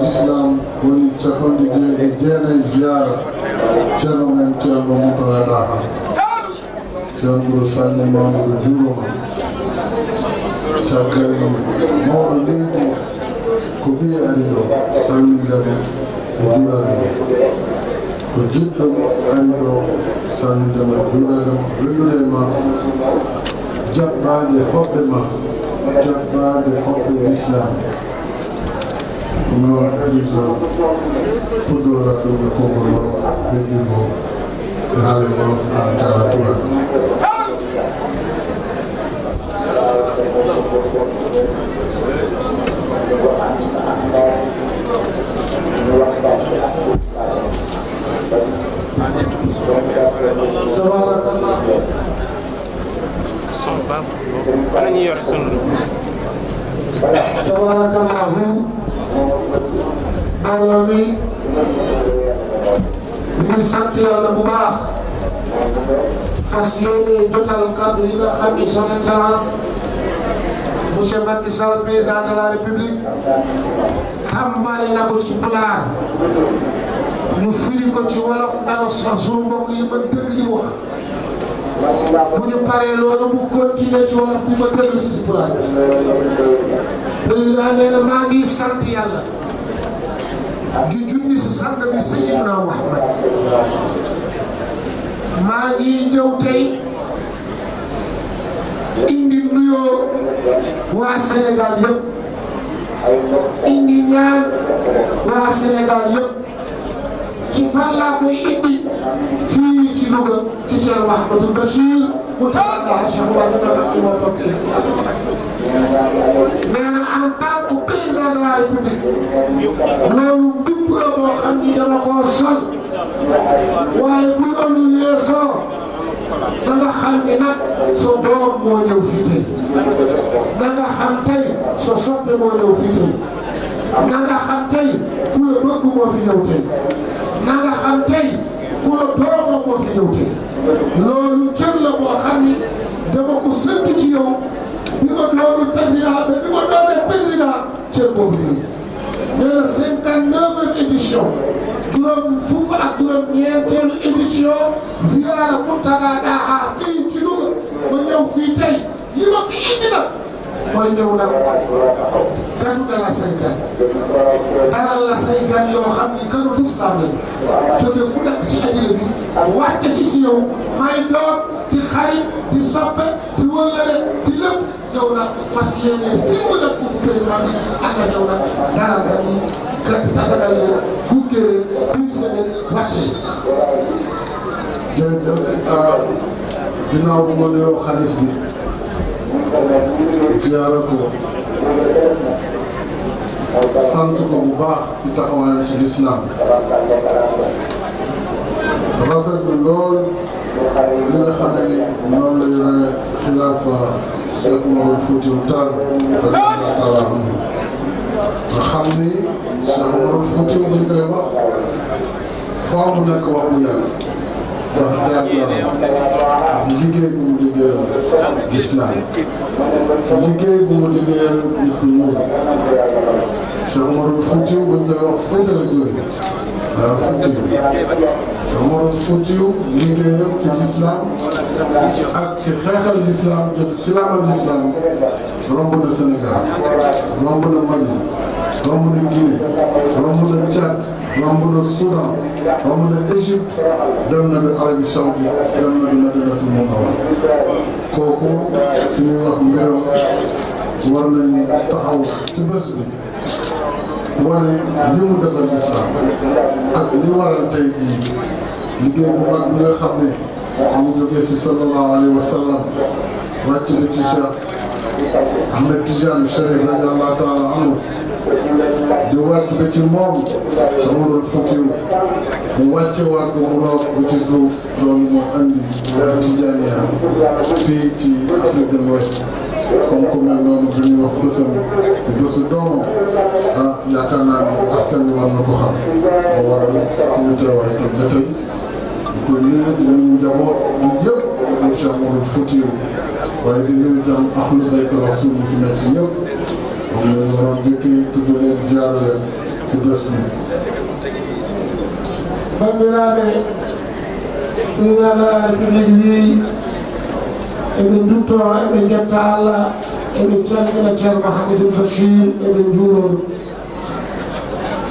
l'islam woni capanɗe joyi e jeenayi ziyara ceerno men ceerno mutoe ɗaha ceerno sanni mamudo juuroma caggal ko ɓiye ari ɗo salmingal e juurade ko jiɗɗo ari ɗo e juurade ma jaɓɓade hoɓɓe ma jaɓɓade hoɓɓe l'islam Ñoo iso puɗɗorɗa ɗum e konngol ngol ɓeydingo e haala e wolof an kala tula bi son excellence monsieur Macky Sall président de la république tàmbali na ko ci pulaar ñu firi ko ci wolof nana sax sunu mbokk yi mën dëgg li mu wax bu ñu paree loolu mu continuer ci wolof bi ma dëgg si si pulaar président nee na maa ngi sant yàlla di junni si sant bi Seydina Mouhamad maa ngi ñëw tey indi nuyoo waa Sénégal yëpp indi ñaan waa Sénégal yëpp ci fan koy indi fii ci Louga ci Thierno Mahamadoul Bachir mu tawalla Cheikh Oumar nga xam ne moo toog téléphone nee na en tant que président de la République loolu moo ñëw fii tey na nga xam tey sa soppe moo ñëw fii tey la bëgg moo fi ñëw tey na nga xam moo fi ñëw loolu cër la boo dama ko sant ci bi ko doonul président ba bi ko doonee président cër boobu nii nee na cinquante neuf édition juróom fukk ak juróom ñeenteelu édition ziyaara Mountakha Daha fii ma ñëw fii tey li ma fi indi nag mooy ñëw nag ganu dalaa say gan dalal la say gan yoo xam ni ganu lislaam lañu jóge fu nekk ci àddina bi wàcce ci si may doom di xarit di soppe di wëllëre di lépp ñëw nag fas yéene simb nag bu fi président bi ànd ak yow nag dalal gan yi gàtt tàggatal leen gunge leen ginnaaw bu ma nuyoo xaalis bi ziyaara ko sant ko bu baax ci taxawaayam ci lislaam rafet bi lool li nga xam ne noonu la yore xilaafa Cheikh Oumar Foutiyou Tall radiyallahu taala anhu nga xam ni Cheikh Oumar Foutiyou buñ koy wax faaw nekk wax bu yàgg ndax jaar-jaaram ak liggéey bu mu liggéeyal lislaam si liggéey bu mu liggéeyal nit ku ñëw Cheikh Umarul Fuutiyu buñ koy wax Fuuta la jógee waaw Fuutiyu Cheikh Umarul Fuutiyu liggéeyam ci lislaam ak ci xeexal lislaam jëm silaamal lislaam romb na Sénégal romb na Mali romb na Guinée romb na Tchad romb na Soudan romb na Égypte dem na ba Arabie Saoudite dem na ba Madinatul Munawwara kooku suñuy wax mbiram war nañu taxaw ci bés bi wane li mu defal islam ak li waral tey jii liggéey bu mag xam ne ñu jógee si sallallahu alayhi wa sallam wàcc bi ci Cheikh Ahmed Tidiane taala anhu di wàcc ba ci moom sa marul futiw mu wàcce waat ko mu roog ba ci suuf loolu moo andi ak Tijaaniya fii ci Afrique de l'Ouest comme noonu bu ñuy wax bësam te bësu doomam ah yaakaar naa ne askan war na ko xam ba waral suñu teewaay tam ba tey ñu koy nuyu di yëpp ak Cheikh Marul Futiw waaye di nuyu tam ahlu bayt rasul yi fi nekk ñëpp moom la ñu waroon njëkkee tudd leen ziar leen ci bés bi. bandiraɓe ɗum gaɗa république wi eɓe dutto eɓe jetta allah eɓe calmina ceerno mahamadoul bachir eɓe juuroɗum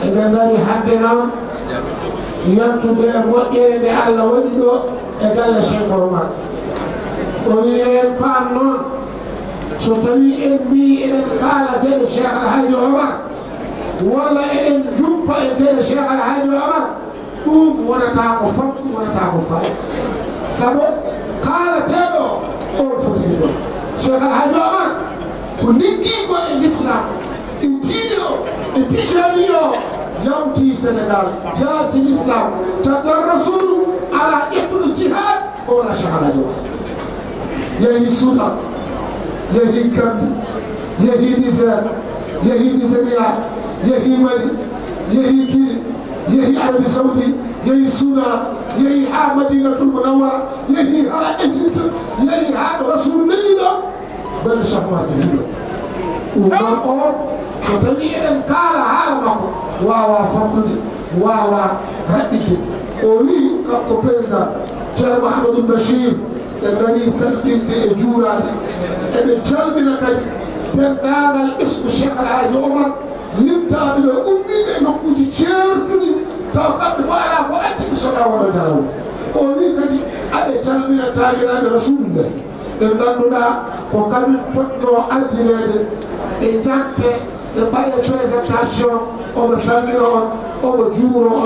eɓe gari hadde noon yaltude e moƴƴere nde allah waɗi ɗo e galle cheikh omar o wi hen paam noon sotawi en mbi eɗen kaala gueɗe cheikh alhaji omar walla eɗen juppa e gueɗe cheikh alhaji omar ɗum wonata ko fam ɗum wonata ko fayi saabu kaalateɗo on fotiri ɗon cheikh alhaji omar ko liggigo e l'islam en tiiɗi o en tijani o yawti sénégal jaasi l'islam taggal rasulu ala ƴettuɗo jihad ona cheikh alhaji omar yehi suudan yeehi kamɓe yeehi nisér yeehi nigéria yeehi mali yeehi guine yeehi arabi saudi yeehi suna yeehi ha madinatul munawwara yeehi ha égypte yeehi ha rasulillahi ɗo belle cheikh mar yeehi ɗo ɗum noon on so tawi eɗen kaala haala makko wawa famɗude wawa raɓɓike o wi kanko président ceerno mahamadou bachir تبني سلكين تأجورا تبني جلبنا كان تبنا الاسم الشيخ العاج عمر يمتع بلو أمي نقود تشيركني توقف فعلا وأنت بسنا ولا جلو أولي كان أبي جلبنا تاجنا برسول الله إن دلنا وقام بطنو أدلال إجاكي إبالي بريزنتاشيو أو بسامي رون أو بجورو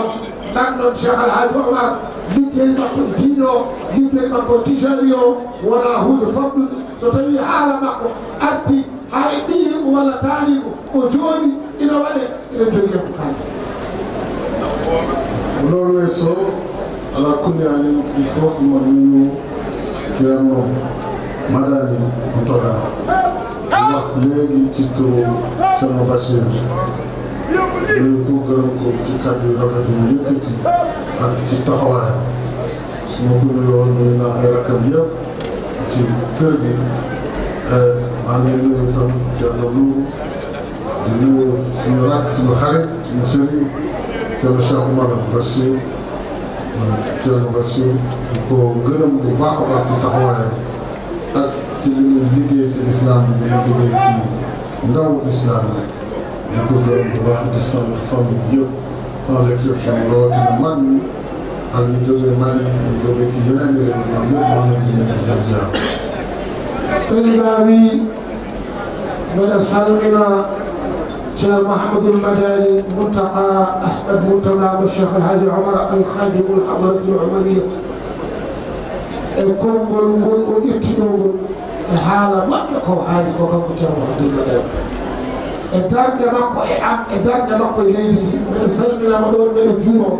ɗan noon cheikh alhaji omar liggey makko e diine o liggey makko tijari o wona hunde famɗude so tawi haala makko arti hay ɗiyiko walla taariko o jooni ina waɗe eɗen jogi hebko kalde loolu weeso ala kulli anin il faut que mo nuyu ceerno madani on toɗa wax léegi ci turu ceerno bachir yooyu ko gërëm ko ci kàddu yu rafet mu yëkkati ak ci taxawaayam su ma ko nuyoo nuyu naa ay rakkam yëpp ci kër gi euh, maa ngi nuyu tam Thierno Nour di nuyu suñu rakk suñu xarit suñu sëriñ Thierno Cheikh Oumar Bachir Thierno Bachir di ko gërëm bu baax a baax ci taxawaayam ak ci liggéey si lislaam bi mu liggéey ci ndaw lislaam du ko doon bu baax di sant famille bi yëpp sans exception rawatina mag ñi ak ñi jógee Mali ñu jógee ci yeneen réew yi ñoom ñëpp maa ngi leen di nuyu di leen ziar. طلبابي من أسهلنا شيخ محمد المداري ملتقى أحمد ملتقى والشيخ الحاج عمر الخادم الحضرة العمرية كل كل كل اتنوب الحالة ما يقوى حالي وكم محمد المداري e darde makko e am e darde makko e leydi ndi mbeɗa salminama ɗon mbeɗa juuro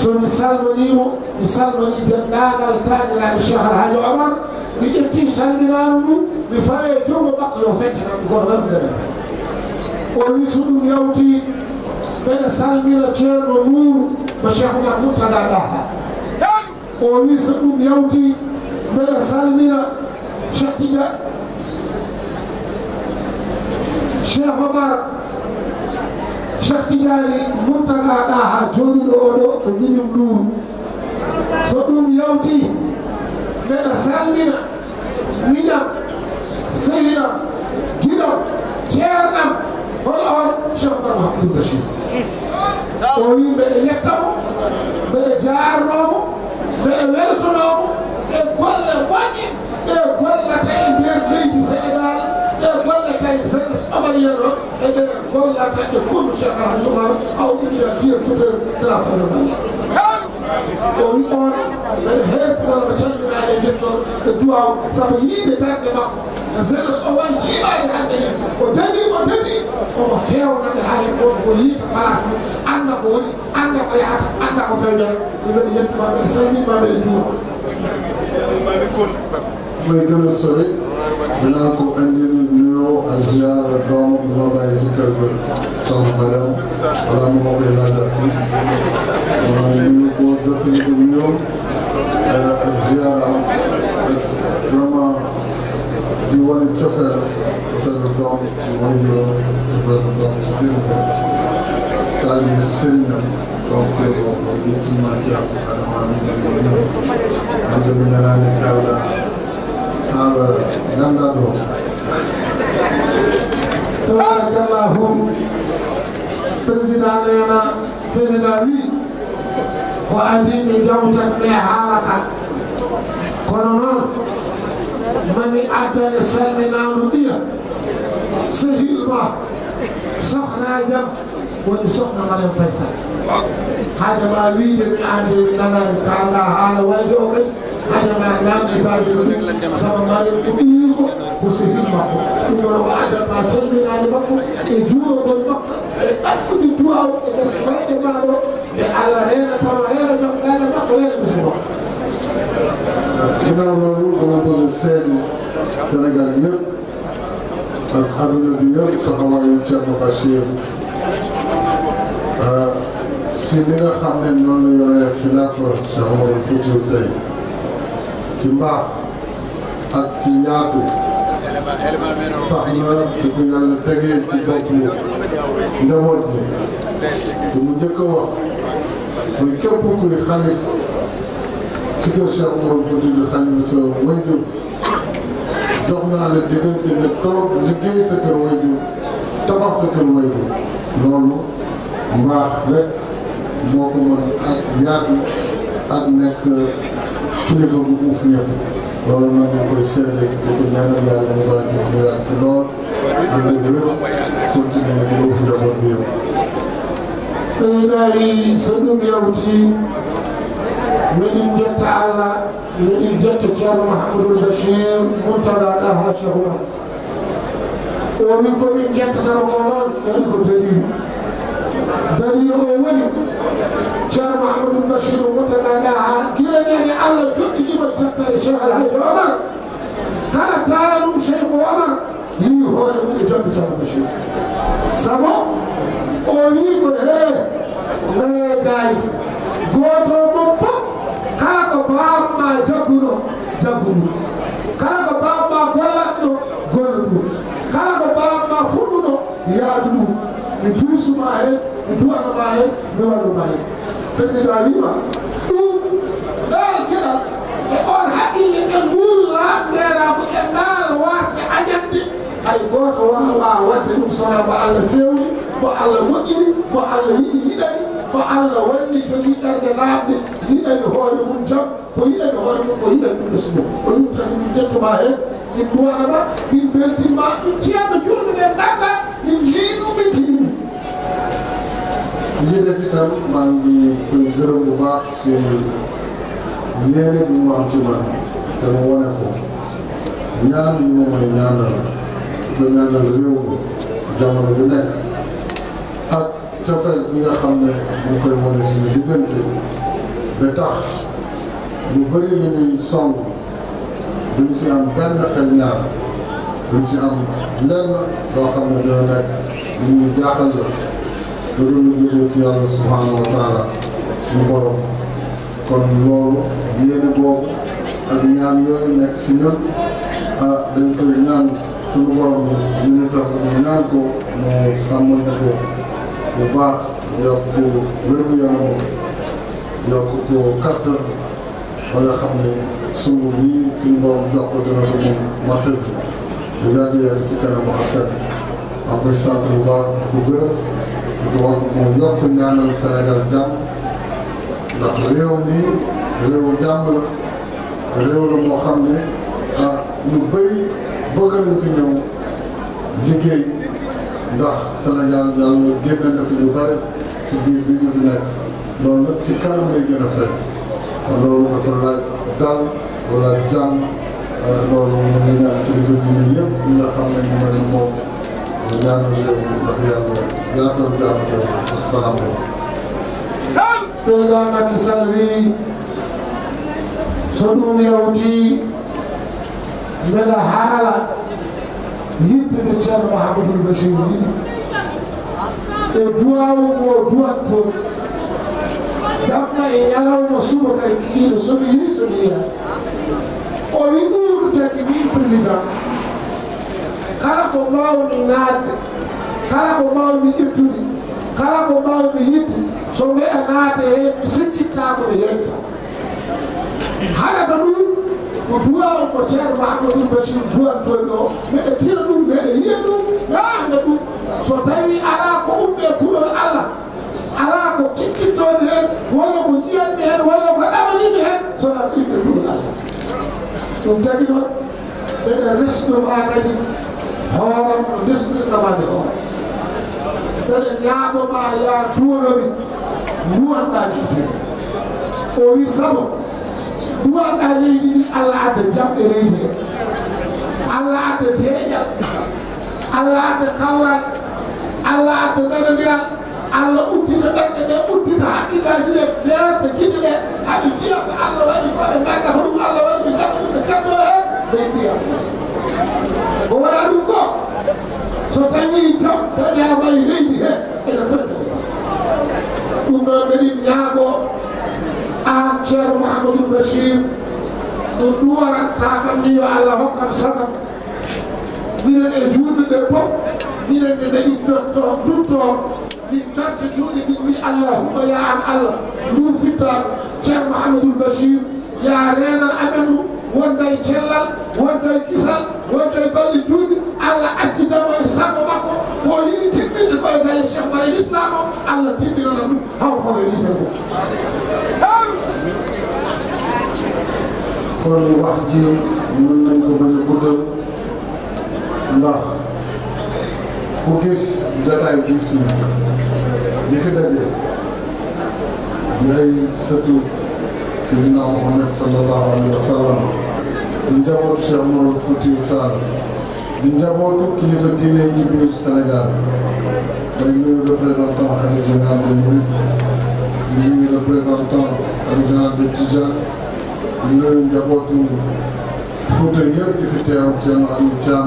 somi salmonimo mi salmoni dendagal tañiraɓe cheikh alhaji omar mi ƴetti salminano ɗum mi fawe jongo makko yo fettanamde goto wamdere o wi so ɗum yawti mbeɗa salmina ceerno nuuru mo cheikh oumar moutaga daha o wi so ɗum yawti mbeɗa salmina cheikh tidia cheikh omar cheikh tidiani murtaga ɗa ha joniɗo oɗo ko jiɗim luuru so ɗum yawti mbeɗa salmina miñam sehinam giɗam ceernam hol on cheikh omar mahamadou bachir o wi mbeɗa yettamo mbeɗa jarnomo mbeɗa weltonomo e golle moƴƴe ɗe gollata e nder leydi sénégal ɗe gollata e sénégal amariyano e nder gollatakke kondu cheikh alhaji oumar aw ibnida biye fouteur trafande balla o wi on mbeɗa heɓtinanama calminade e jetton e duwaw saabu yiide darde makko jeunesse o wawi jiiɓade hande ni o dani o dani omo fewnaɓe ha hen on ko yiita place mum anda ko woni anda ko yahata anda ko fewnere mbeɗa yettuma mbeɗa salminma mbeɗa juuma moye gana sore wona ko andi ak ziyaara doom bu ma bàyyi ci kër ga soxna Mariam wala mu ma koy laajaat fii ñu ko jottali ko nuyoom ak ziyaaraam ak vraiment di wane cofeel cofeelu doom ci waajuram cofeelu doom ci sëriñam taalibe ci sëriñam donc nit ñi ma ci am vraiment ñu dem ñu ñëw atiɓe jawtat ɓe haala kan kono noon mani addane salminano ɗiya sehilma sohna jam woni sohna mariam faysal hadema wiide mi ande mi nanani kalɗa haala wayde o kadi hadema namditaji no ɗum saabu mariam ko ɓiyiko ko sehil makko ɗum noon o addanma calminade makko e juurogol makko e ɗaɓɓude duwaw e gasgoyɗe maɗo nde allah renatama hen beneen musulman ginnaaw loolu dama bëgg a seeti Sénégal yëpp ak àdduna bi yëpp taxawaayu Thierno Bachir si li nga xam ne noonu la yoree xilaafa Cheikh Omar Foutiyou tey ci mbaax ak ci tax na di ko yàlla tegee ci bopp njaboot bi bu mu njëkk a wax muy képp kuy xalif ci kër Cheikh Oumar Foutiyou xalif sa wayjur jox naa la digal si nga toog liggéey sa kër wayjur tabax sa kër wayjur loolu mbaax rek moo ko mën ak yaatu ak nekk kilifa bu uuf ñëpp loolu nag ñu koy seede di ko ñaanal yàlla mu baax mu yaatu lool ànd ak wér continuer di uuf njaboot bi yëpp ɓeydaari so ɗum yawti miɗin jetta allah miɗin jetta ceerno mouhamadoul bachir mourtada ɗa ha cheikhuma omin komin jettatano ko noon woni ko dalil dalil o woni ceerno mouhamadoul bachir mourtada ɗa ha gila ñande allah joɗɗiɗima jabbere cheikh alhaji omar kala taanum cheikh omar yi hoore mum e jobbi ceerno bachir sabo o wi ko he gayegay goto mum fof kala ko bamma jagguno jaggudu kala ko bamma gollatno golla ɗum kala ko bamma fuɗɗuno yaadu ɗum mi duusuma hen mi duwanama hen mi walluma hen président wima ɗum ɗon keɗal e on haqqille e gulla nderako e ɗal wasde añande hay goto wawa wadde ɗum sonaba allah fewni mo allah moƴƴiri mo allah yiɗi yiɗani mo allah wandi jogii ɓernde laaɓde yiɗani hoore mum jam ko yiɗani hoore mum ko yiɗani ɗum ɓesgu mum ko ɗum tagi min jettuma heen min duwanama min beltinma ɗum ceerno julɓe ɓe ganda min jii ɗum min tigi ɗum baax si yéene bu mu man te mu ko ñaan yi moom mooy ñaanal ko ñaanal réew mi jamono ju nekk cofeel bi nga xam ne mu koy wane suñu diggante ba tax lu bëri lu ñuy song duñ ci am benn xel ñaar duñ ci am lenn loo xam ne dina nekk lu ñu jaaxal la lu dul lu ci yàlla subhanahu wa taala suñu borom kon loolu yéene boobu ak ñaan yooyu nekk si ñun ah, dañ koy ñaan suñu borom bi ñu ne tam ñu ñaan ko mu sàmmal na ko bu baax yokk ko wér-gu-yaram yokk ko kattan ba nga xam ne sumb bii suñu borom jox ko dina ko mun màttal bu yàggee yàgg ci kanamu askan maa ngi koy bu baax di ko gërëm di ko wax mu yokk ñaanal Sénégal jàmm ndax réew mi la réew la moo xam ne ah ñu bëri bëgg nañ fi ñëw liggéey. ndax Sénégal yàlla génn na fi lu bare si diir bi ñu fi nekk loolu nag ci kanam lay gën a fekk kon loolu dafa laaj dal wala jàmm euh, loolu mu ngi ñaan kilifa diine yëpp ñi nga xam ne ñu mel ni moom ñu ñaanal leen ndax yàlla yaatal jàmm boobu ak salaam boobu. président Macky Sall wi so ɗum yawti mbeɗa haala yiddini ceerno mahamadul bachir yiɗi e duwawu mo duwatton jamma e ñalawma suba kay e kiiɗo somi yi somi yiya o wi taki min président kala ko mbawmi naatde kala ko mbawmi ƴettude kala ko mbawmi yidde so mbeɗa naate hen mi sikkittako mi yeyta haɗata ɗum ko duwaw ko ceerno maɗo ɗum basiru duwantoɓe o mbeɗa tira ɗum mbeɗa yiya ɗum mbeɗa anda ɗum so tawi ala ko umɓe kuɗol allah ala ko cikkittoɓe hen walla ko jiyanɓe hen walla ko ɗamaniɓe hen sona yimɓe kuɗol allah ɗum tagi noon mbeɗa resnoma kadi hooram no ndesɗinɗoma nde hoore mbeɗa ñaagoma ya tuwonomi duwanɗa kiite o wi sabo buat hari ini allah ada jam ini leydi he allah adda deeƴal allah ada kawral allah adda ɗagodiral allah uddita ɓerɗe ɗe uddita haqqillaji ɗe feerde gite ɗe haɓe jiya ko allah waɗi ko ɓe ganda ko allah waɗi ɓe gaɗa ɗum ɓe gaddo hen ɓe mbiya fes so tawi jam tanya apa ini dia ene fodde ɗum ɗon ɓeɗin ñaago an ceerno mouhamadou bachir no duwaranta kam ni yo allah hokkan sagam minen e juulɓe ɓe pop minen ɓe dañi dotto dutto min tarti juuɗe min mbi allahumma ya an allah ndufitta ceerno mouhamadoul bachir ya renan amen ɗum wonda cellal wonda kisal wonda e balɗe allah addidamo e sago makko ko yiɗi timminde koye galle cheikh mara l'islam o allah timminana ɗum haw fo e litere ɗum kon wax ji mën nañ ko bañ a guddal ndax ku gis jataay bi fii di fi daje di ay sëtu Seydina Muhammad sallallahu wa sallam di njabootu Cheikh Oumar Foutiyou Tall di njabootu kilifa diine yi ci biir Sénégal day nuyu représentant xalifa général des di nuyu représentant xalifa di nuyu njabootu Fuuta yëpp fi teew Thierno Aliou Thiam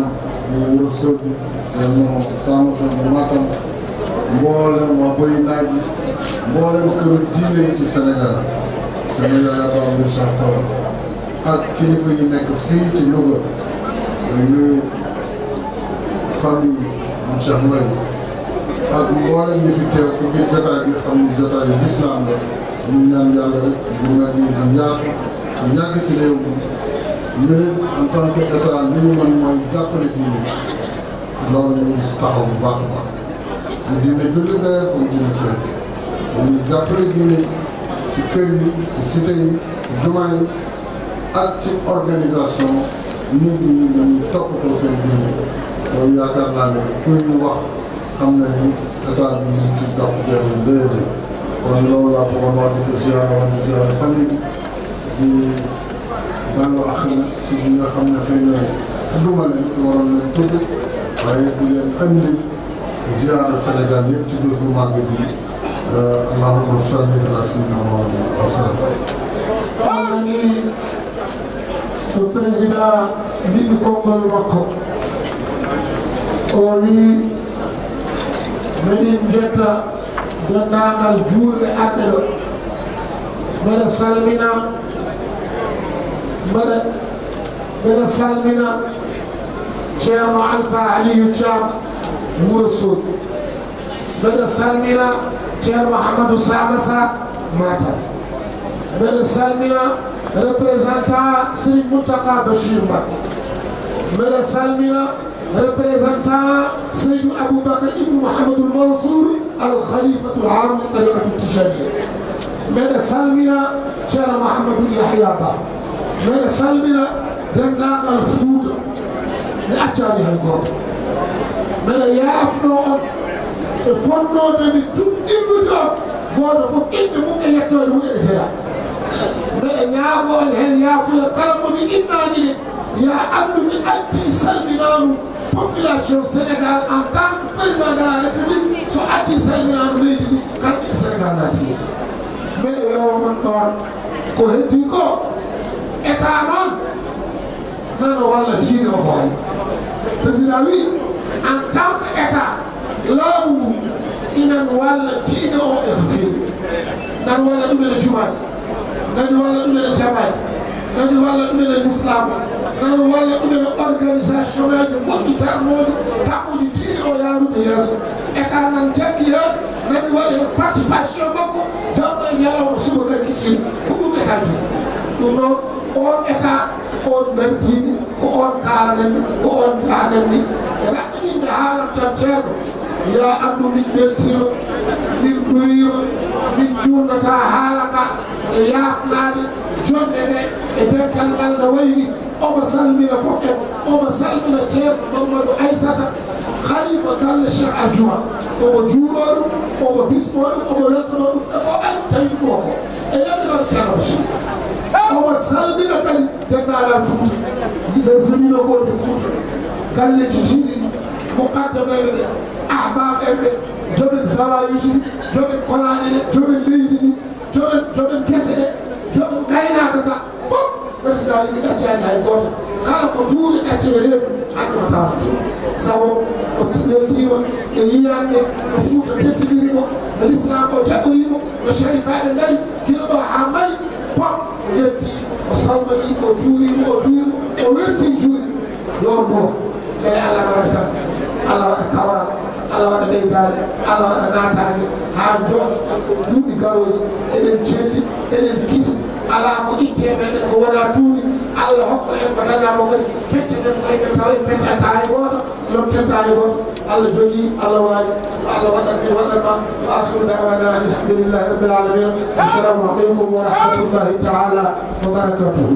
mu wër Sodi Thierno Samba Sall bu Matam mboolem waa Boy Naaji mboolem këru diine ci Sénégal te ñu laa baabu Chapal ak kilifa yi nekk fii ci Louga di famille am Cheikh Mbaye ak mboolem ñi fi teew ku biir jotaay bi xam ni jotaayu lislaam la ñu ñaan yàlla rek bu mel nii di yaatu. ñu yàgg ci réew mi ñu ne en tant mooy jàppale diine loolu ñu ngi taxaw bu baax a baax ñu diine julli d'ailleurs comme diine chrétien moom ñu jàppale diine si kër yi si cité yi si jumaa nit ñi nañu toppatoo seen diine loolu yaakaar naa ne kuy wax xam na ni état bi ñu ngi ci dox a rëy kon loolu laa bëggoon wax di ko ziar wax di ziar fan di baalu àq nag si li nga xam ne xëy na adduma leen waroon leen tudd waaye di leen andil ziara Sénégal yëpp ci bés bu màgg bi allahumma salli ala sayyidina Muhammad wa sallam. wax na ni le président li ñu kookal wax ko. o wi miɗin jetta dendagal juulɓe aɓɓe ɗo mbeɗa salmina من من السالمنا جامع الفا علي جام ورسول من السالمنا جامع محمد سامسا ماتا من السالمنا ريبريزانتا سري ملتقى بشير مات من السالمنا ريبريزانتا سيد ابو بكر ابن محمد المنصور الخليفه العام الطريقه التجاريه من السالمنا جامع محمد يحيى باب mbeɗa salmina denndaangal fuuta mi accaani hay gooto mbeɗa yaafno on e fonnodemi innude on gooto fof inde mum e yettoode mum ene jeya mbeɗa ñaago on heen yaafuya kala moni innaani ne ya anndu mi addi salminaanu population sénégal en tant que président de la république so addi salminaanu leydi ndi kamɓe sénégal naati hen mbeɗa yewo mon ɗon ko heddi ko état noon nana walla tiine o hoore président wi en tant que état laamu ngu inen walla tiine o eko feewi nan walla ɗum ene jumaade nani walla ɗum ene jamaade nani walla ɗum ene l'islam nani walla ɗum ene organisation aji goɗɗi darnoji taɓɓuji tiine o yaarude yeeso état nan jaggi heen nani waɗi hen participation makko jamma e ñalawma subaka kikiɗe ko ɗum état jii ɗum noon ko on état ko on dartini ko on kaalanen ko on jaanen ni e raɓɓiɗinde haalan tan ceerno ya anndu min beltima min ɗoyima min juundata haala ka e yaafnaade jonɗe ɗe e dental ngal no wayni omo salmina fof en omo salmina ceerno mamadou aissata khalifa galle cheikh adjuma omo juuro ɗum omo bismo ɗum omo weltano ɗum e o ay tawi ɗum o ko e yamirano ceerno bachir Omar Sall ɗiga kadi dendagal Fouta les éminakoɓe Fouta galleji tiɗi ɗi mukaddameɓe ɓe ahbab en ɓe joɓen zawayiji ɗi joɓen kolaɗe ɗe joɓen leydi ɗi joɓen joɓen guese ɗe joɓen gaynaka ka pop président yimɓe ɗaccani hay goto kala ko duuri ɗacce reedu hande ko tawata toon saabu o ɓeltima e yiyanɓe no Fouta teddinirimo no l'islam o jaɓɓorimo no sarifaɓe gari o juurima o juurima o werti juuri yorbo ɓe allah waɗa tan allah waɗa kawral allah waɗa ɓeydaare allah waɗa naataade haa jonta tan ko duuɓi garooji eɗen celli eɗen kisi alaa ko itte meɗen ko wonaa duuɓi allah hokka en ko dañaamo kadi pecceten ko enen taw en peccanta hay goota lottenta hay goota allah jogii allah waawi ko allah waɗat min waɗatma wa akhiru dawana alhamdulillahi rabbil alamina assalamu aleykum wa rahmatullahi taala wa barakatuhu